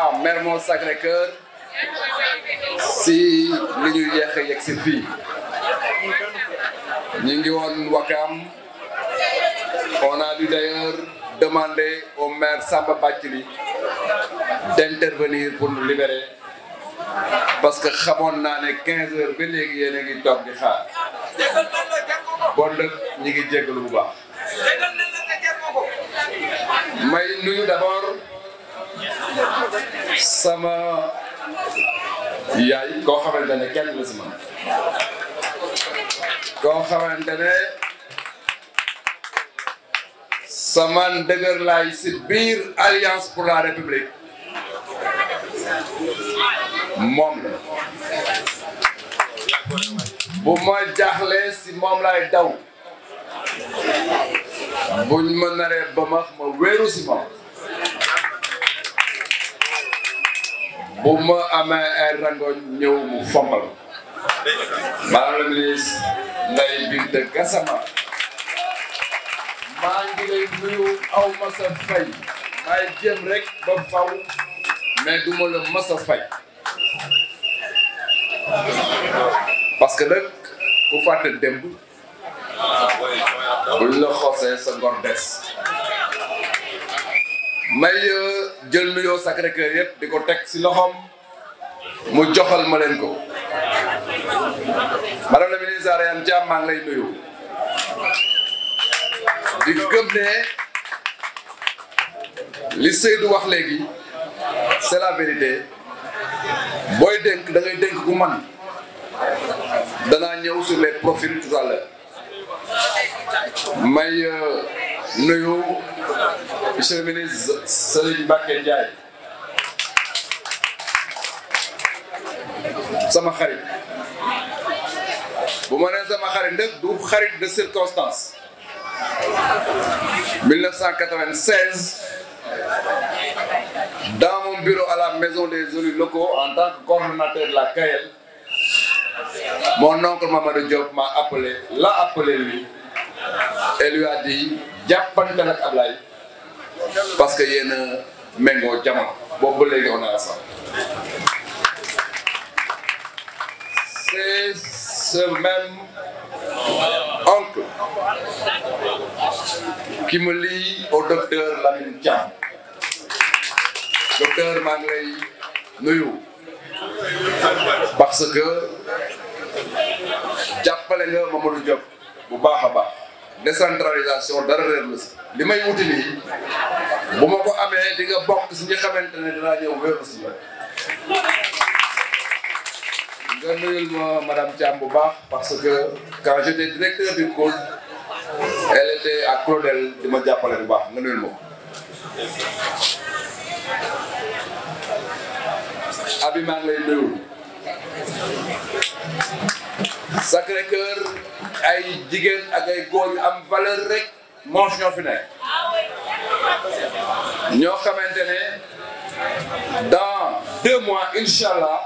Ah, Mermoz Sacré-Cœur si li ñu yeex yegg si fii ñu ngi woon Wakam on a dû d'ailleurs demander au maire Samba Bathily pour nous parce que xamoon naa ne 15 heures ba léegi yéen a ngi toog di xaar bon nag ñi ngi jégalu bu baax. may nuyu d'abord sama yaay koo xamante ne kenn la si man saman dëgër laay si biir alliance pour la république. moom la bu ma jaaxlee si moom laay daw buñ ma naree ba ma ma wéeru si moom bu ma amee ay rangoñ ñëw mu fombal madame la ministre Ndeye Binta Gassama maa ngi lay nuyu aw sa fay maay jëm rek ba faw mais du ma la mas a fay parce que nag ku fàtte démb buñ la sa ngor des may euh, jël nuyoo sacré di ko teg si loxoom mu joxal ma leen ko madame la ministre Areyane Thiam lay nuyu di gëm ne li Seydou wax léegi c'est la vérité booy dénk da dénk ku man danaa ñëw sur les profils tout may euh, nuyu monsieur le ministre Serigne Mbacké sama xarit bu ma nee sama xarit nag du xarit de circonstance mon bureau à la maison des élus locaux en tant que coordonnateur de la CAEL, mon oncle Mamadou Diop m'a appelé, l'a appelé lui, et lui a dit jàppante nag Ablaye parce que yéen a méngoo jamono boobu on est ensemble. C'est ce même oncle qui me lie au docteur Lamine Thiam. docteur maa ngi lay nuyu parce que jàppale nga Mamadou Diop bu baax a baax décentralisation dara réer la li may wuti nii bu ma ko amee di nga bokk si ñi xamante ne dinaa ñëw wéeru si nga nuyul ma madame Thiam bu baax parce que quand j' étais directeur du pôle elle était à Claudel di ma jàppale bu baax nga nuyul ma abi maa ngi lay ay jigéen ak ay góor am valeur rek manche ñoo fi nekk ñoo xamante ne dans deux mois incha allah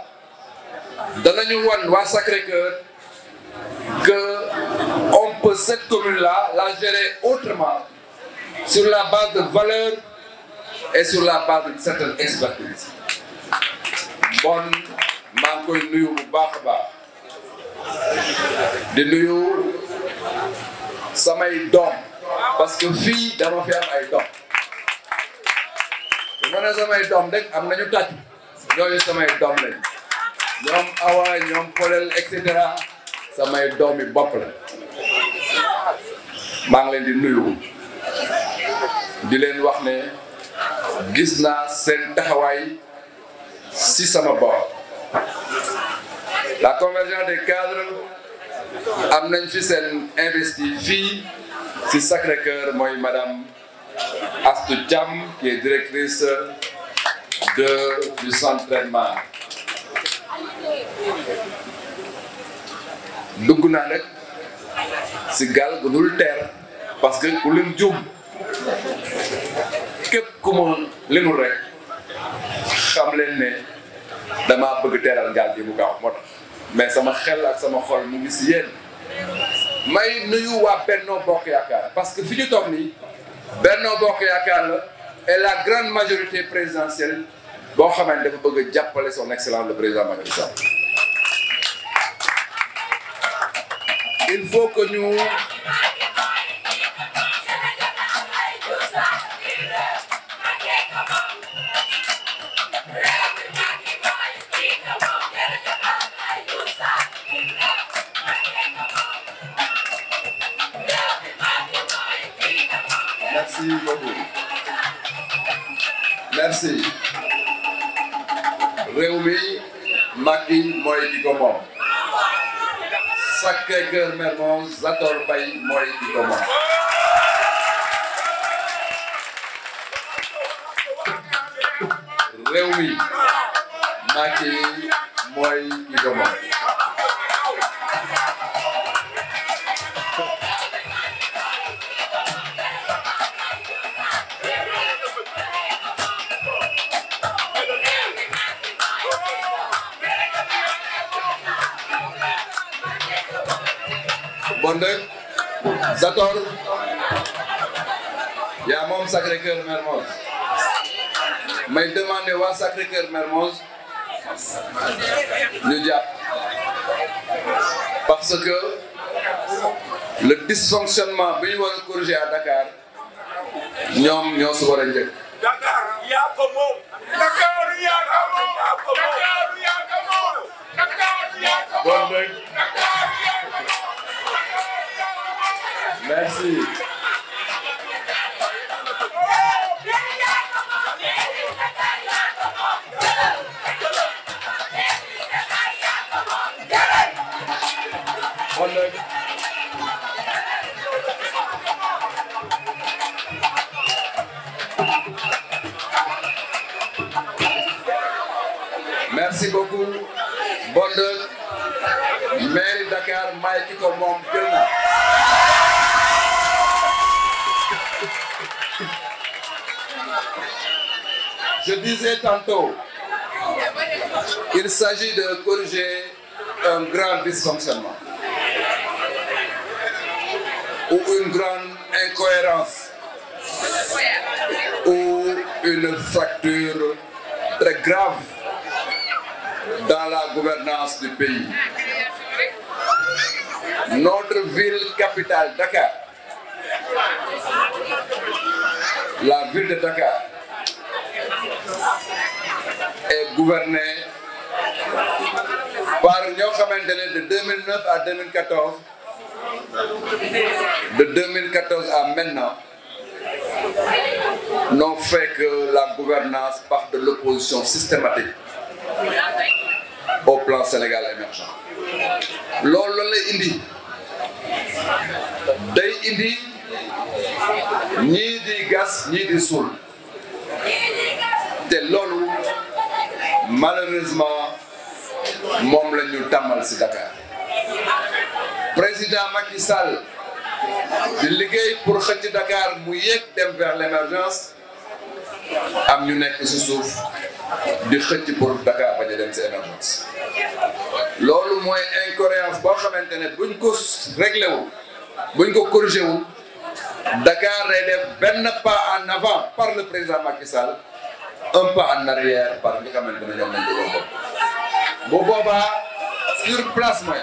danañu wan waa Sacré Cœur que on peut cette commune là la gérer autrement sur la base de valeurs et sur la base d'une certaine expertise mbon maa koy nuyu bu baax baax di nuyu samay doom parce que fii dama fi am ay doom bu ma ne samay doom rek am nañu tàcc ñooñu samay doom lañ ñoom awa ñoom polel et samay doom yi bopp la maa ngi leen di nuyu di leen wax ne gis naa seen taxawaay si sama bopp la convergence des cadres am nañ fi seen investi fii si Sacré-Cœur mooy madame Astou Thiam qui est directrice de du centre traitement dugg naa nag si gaal gu dul parce que ku jum képp ku mu rek xam leen ne damaa bëgg teeral njaal bi bu gaaw tax mais sama xel ak sama xol mu ngi si yéen may nuyu waa Benno Bokk Yaakaar parce que fi ñu toog nii Benno Bokk Yaakaar la et la grande majorité présidentielle boo xamante dafa bëgg jàppale son excellence le président Macky Sall il faut que ñu Mbacké mooy di ko moom Sacré-Cœur Mermoz Zator Mbaye mooy mi Mbacké moom yaa moom Sacré-Cœur Mermoz may demandé waa Sacré-Cœur Mermoz ñu jàpp parce que le dysfonctionnement bi ñu war a corriger à Dakar ñoom ñoo su war a njëkk. Dakar yaa ko moom. Dakar yaa ko moom. Dakar yaa ko moom. Dakar yaa ko moom. Merci. merci beaucoup Bonde mairie Dakar may ki ko moom jël na disais tantôt, il s'agit de corriger un grand dysfonctionnement ou une grande incohérence ou une fracture très grave dans la gouvernance du pays. Notre ville capitale, Dakar, la ville de Dakar, gouverné par ñoo xamante ne de 2009 à de à maintenant n'ont fait que la gouvernance part de l'opposition systématique au plan Sénégal émergent loolu la lay indi day indi ñii di gas ñii di suul te loolu malheureusement moom la ñu tàmmal si Dakar président Macky Sall di liggéey pour xëcc Dakar mu yéeg dem vers l' émergence am ñu nekk si suuf di xëcc pour Dakar bañ a dem si émergence loolu mooy incohérence boo xamante ne buñ ko réglé wul buñ ko corrigé wul Dakar day def benn pas en avant par le président Macky un pas en arrière par li nga xamante ne ñoom lañ ko doon bu boobaa sur place mooy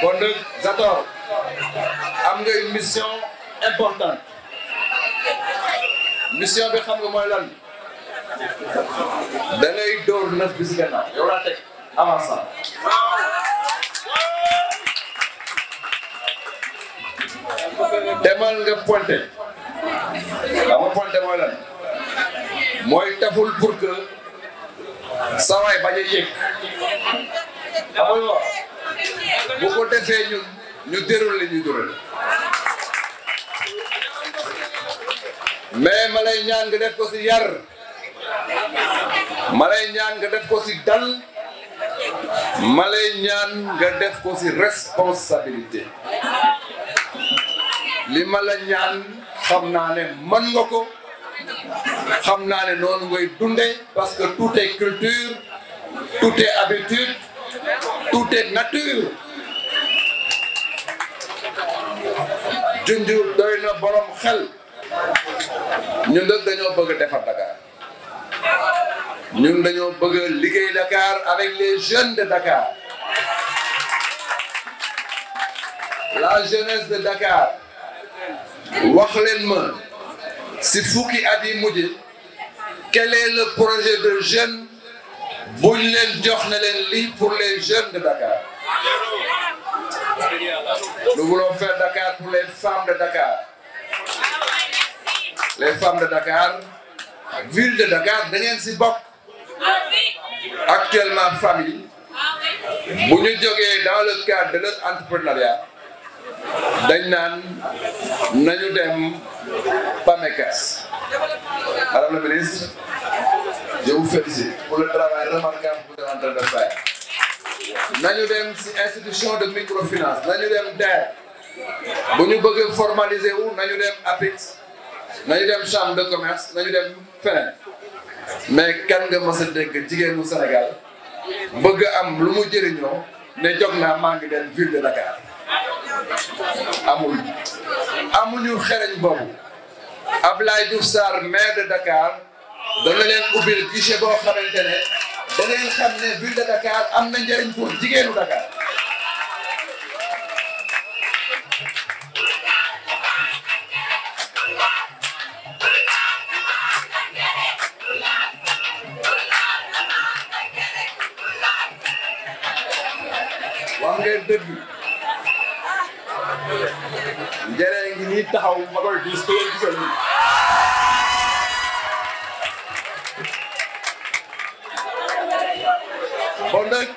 kon nag Zator am nga une mission importante mission bi xam nga mooy lan da ngay dóor neuf bi si gannaaw yow laa teg demal nga pointé nga pointé mooy lan mooy taful pour que sawaay bañ yëg bu ko defee ñu déroulé ñu déroulé mais ma lay ñaan nga def ko si yar ma lay ñaan nga def ko si dal ma ñaan nga def ko si responsabilité li ma ñaan xam naa ne mën nga ko xam naa ne noonu ngay dunde parce que tout culture tout habitude tout est nature junju doy na borom xel ñun nag dañoo bëgg defar Dakar ñun dañoo bëgg liggéey Dakar avec les jeunes de Dakar la jeunesse de Dakar wax leen ma si fukki at yi mujj quel est projet de jeunes ñu leen jox na leen lii pour les jeunes de Dakar nous voulons faire Dakar pour les femmes de Dakar les femmes de Dakar ak ville de Dakar da ngeen si bokk actuellement famille bu ñu jógee dans le cadre de leur entrepreneuriat dañ naan nañu dem PAMECAS madame la ministre de nañu dem si institution de microfinance nañu dem DER bu ñu bëgg formaliser wu nañu dem APIX nañu dem chambre de commerce nañu dem feneen mais kan nga mës a dégg jigéenu Sénégal bëgg am lu mu jëriñoo ne jóg naa maa ngi dem ville de Dakar amul amuñu xereñ boobu Ablaye Diouf Sarr maire de Dakar dana leen ubbil guichet boo xamante ne da ngeen xam ne ville de Dakar am na njëriñ pour jigéenu Dakar nit taxaw ma koy gis te ngeen gisal lii kon nag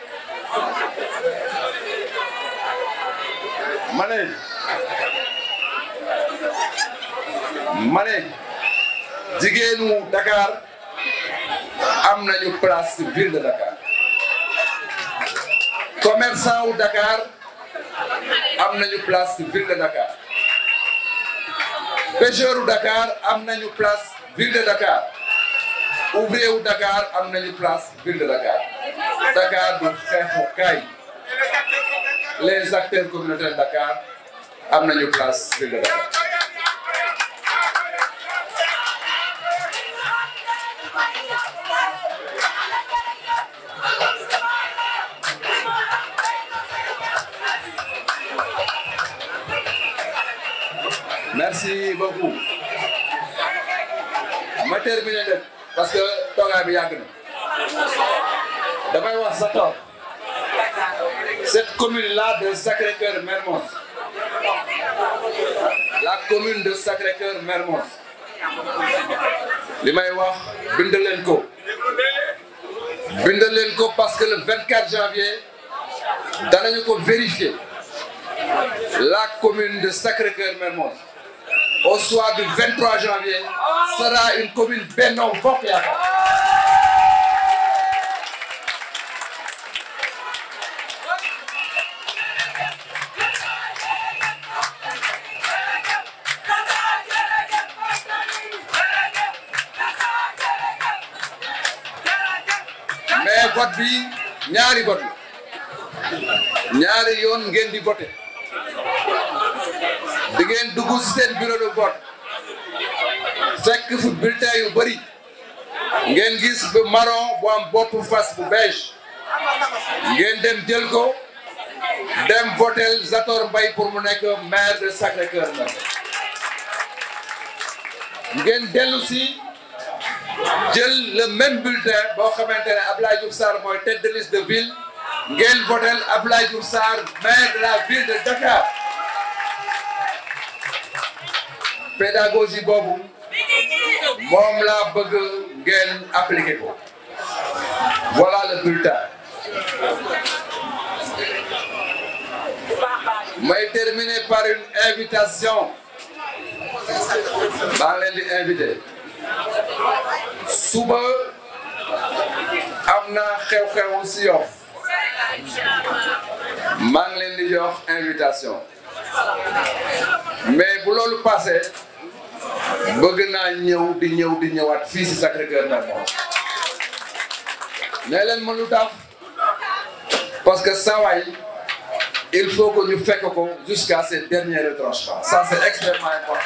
jigéenu Dakar am nañu place ci ville de Dakar commerçant Dakar am na place ci ville de Dakar pêcheur u Dakar am nañu place ville de Dakar ouvrier wu Dakar am nañu place ville de Dakar Dakar du xeexukaay les acteurs communautaires Dakar am nañu place ville de Dakar. merci beaucoup ma terminer nag parce que toogaay bi yàgg na damay wax sa toog cette commune là de Sacré-Cœur la commune de Sacré-Cœur li may wax bind leen ko leen ko parce que le 24 janvier danañu ko vérifier la commune de Sacré-Cœur au soir du 23 janvier sera une commune Benno Bokk Yaakaar mais vote bi ñaari vote la ñaari yoon ngeen di di ngeen dugg si seen bureau de vote fekk fu bulletin yu bari ngeen gis bu marron bu am bopp fas bu beige ngeen dem jël go dem votel Zator Mbaye pour mu nekk maire de Sacré-Cœur la ngeen dellu si jël le même bulletin boo xamante ne Abdoulaye Diouf Sarr mooy tête de liste de ville ngeen votel Abdoulaye Diouf Sarr maire de la ville de Dakar pédagogie boobu moom laa bëgg ngeen appliquer ko voilà le bulletin may terminer par une invitation maa leen di invité suba am na xew-xewu si Yoff maa ngi leen di jox invitation mais bu loolu passé bëgg naa ñëw di ñëw di ñëwaat fii si Sacré-Cœur Ndar ma lu tax parce que sawaay il faut que ñu fekk ko jusqu'à ces derniers retranchements ça c'est extrêmement important